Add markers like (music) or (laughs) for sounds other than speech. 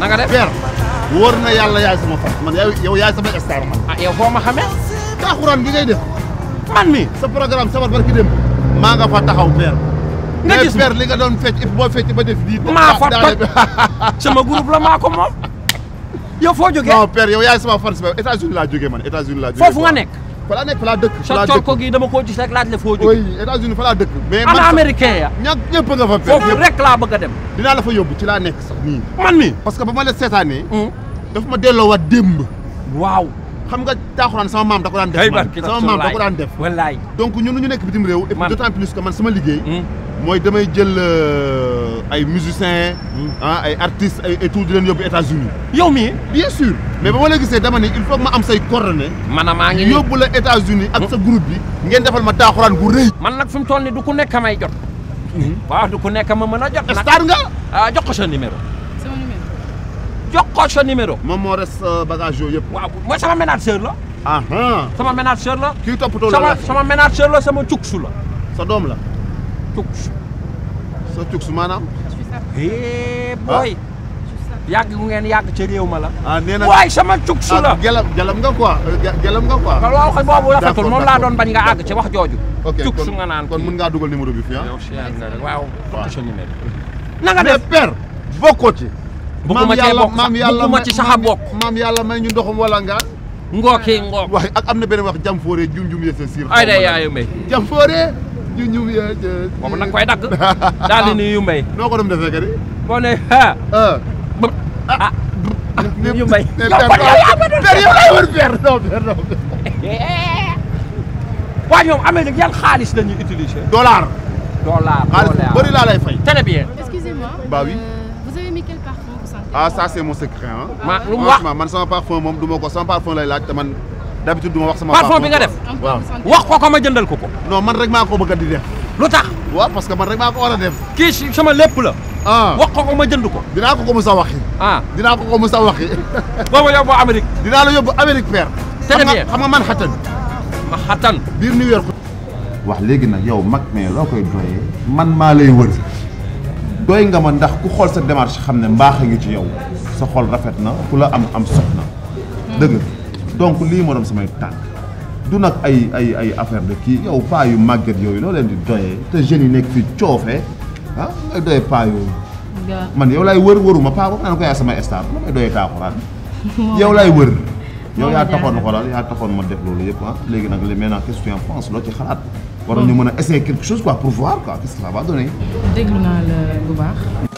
na nga def wóor na yàlla yaay sama fas man yow yaay sama star man. ah yow foo ma xamee. taaxuraan gi ngay def. man mi sa programme sabar barki dem maa nga fa taxaw père. nga gis mais père li nga doon fecc if boo fecc ba def lii. maa fa toj (laughs) sama groupe la maa ko moom. yow foo jógee non père yaay sama fans ba états laa jógee man États-Unis laa jógee. foofu nga nekk. fa laa nekk fa dëkk. fa ko gi dama koo gis rek laaj la foo jóg. oui états dëkk. mais man ana ya. ñàkk ñëpp nga fa fekk foofu rek laa bëgg a dem. dinaa la fa yóbbu ci laa nekk sax nii. man nii parce que ba ma la seetaanee. Hmm. dafa ma delloowaat démb. waaw xam nga taaxuraan sama maam da ko daan def. man sama maam da ko daan def. wallaay donc ñun ñu nekk bitim réew. man et man sama liggéey hmm. mooy damay jël euh, ay musiciens ah ay artistes ay et tout di leen yóbbu états yow mii bien sûr mais ba ma la gisee dama ne il faut ma am say coordonnées. man maa ngi yóbbu la États-Unis ak sa groupe bi. ngeen defal ma taaxuraan bu rëy. man nag fi mu toll nii du ku nekk may jot. Mhm. waaw du ku nekk ma mën a jot. nag nga. ah jox ko sa numéro. sama ko sa numéro. moom moo res euh, bagage yooyu yëpp. waaw mooy sama ménageur la. ah sama ménageur la. kii toppatoo la sama sama la sama cuksu la. sa doom la. tukkus sa tukkus maanaam. hee booy. yàgg gu ngeen yàgg ca réew ma la. ah nee na waay sama tukkus ah, la gelam gelam nga quoi gelam euh, nga quoi. waaw wax boobu rafetul moom laa doon bañ nga àgg ci wax jooju. ok tukkus nga naan kon mën ngaa dugal numéro bi fii ah. sa numéro. na nga def mais père bokkoo yàlla maam yàlla bugguma ci sax a bokk. maam yàlla may ñu ndoxum wala nga. ngooki ngook am na beneen wax jam fooree jum jum sa siir. ay day yaayu may jam fooree. ñu ñu boobu nag koy dagg. daal di nuyu mbay. (laughs) noo ko doon defee kër yi. boo nee ah. ah yu mbay. per yow lay wër per non per non. (laughs) waa ñoom Amérique yan xaalis la ñuy utiliser. dollar. dollar xaalis bëri laa lay fay. très bien. excusez-moi. bah oui. Euh, vous avez mis quel parfum. ah ça c'est mon secret ah. ma lu mu wax man sama parfum moom du ma ko sama parfum lay laaj te man. d'habitude ma wax sama parfum bi nga def waaw wax ko ko ma jëndal ko ko non man rek maa ko bëgg di def lu tax waaw parce que man rek maa ko war a def kii sama lépp la ah. wax ko ko ma jënd ko dinaa ko ko mu sa waxi ah dinaa ko ko mu sa waxi (laughs) boobu yóbbu Amérique dinaa la yóbbu Amérique père très bien xam nga man xattan xattan biir New York wax léegi nag yow mag mais loo koy doyee man maa lay wër doy nga ma ndax ku xool sa démarche xam ne mbaax a ngi ci yow sa xol rafet na ku la am am soxna dëgg donc lii ma doon samay tànk du nag ay ay ay affaire de kii yow paa yu màgget yooyu loo leen di doyee te jeunes yu nekk fi coofee ah ngay doyee paa yooyu. man yow laay wër wëruma paa boobu naan ko yaa sama star la may doyee taaxuraan. (laughs) yow laay wër. yow yaa taxoon xoolal yaa taxoon ma def loolu yëpp ah léegi nag li maintenant qu'est-ce loo ci xalaat. war ñu mën a essayer quelque chose quoi pour voir quoi qu'est-ce que déglu naa la bu baax.